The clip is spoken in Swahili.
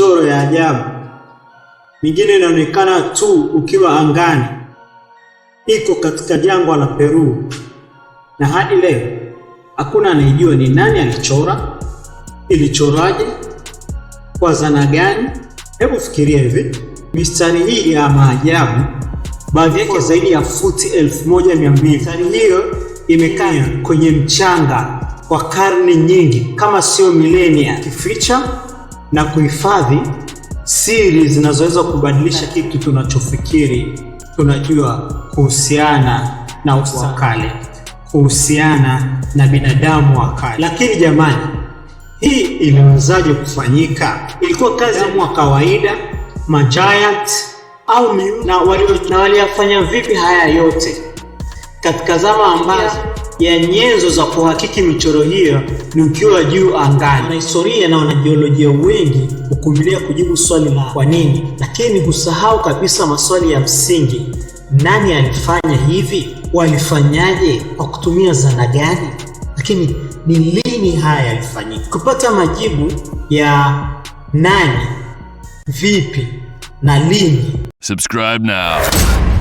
michoro ya ajabu, mingine inaonekana tu ukiwa angani. Iko katika jangwa la Peru na hadi leo hakuna anayejua ni nani alichora, ilichoraje, kwa zana gani. Hebu fikiria hivi, mistari hii ya maajabu, baadhi yake zaidi ya futi 1200 mistari hiyo imekaa kwenye mchanga kwa karne nyingi, kama sio milenia, kificha na kuhifadhi siri zinazoweza kubadilisha kitu tunachofikiri tunajua kuhusiana na wa kale, kuhusiana na binadamu wa kale. Lakini jamani, hii iliwezaje kufanyika? Ilikuwa kazi ya kawaida majayat au na waliyafanya vipi haya yote katika zama ambazo ya nyenzo za kuhakiki michoro hiyo ni ukiwa juu angani. Wanahistoria na wanajiolojia wengi hukimbilia kujibu swali la kwa nini, lakini husahau kabisa maswali ya msingi: nani alifanya hivi, walifanyaje, kwa kutumia zana gani, lakini ni lini haya yalifanyika. Kupata majibu ya nani, vipi na lini. Subscribe now.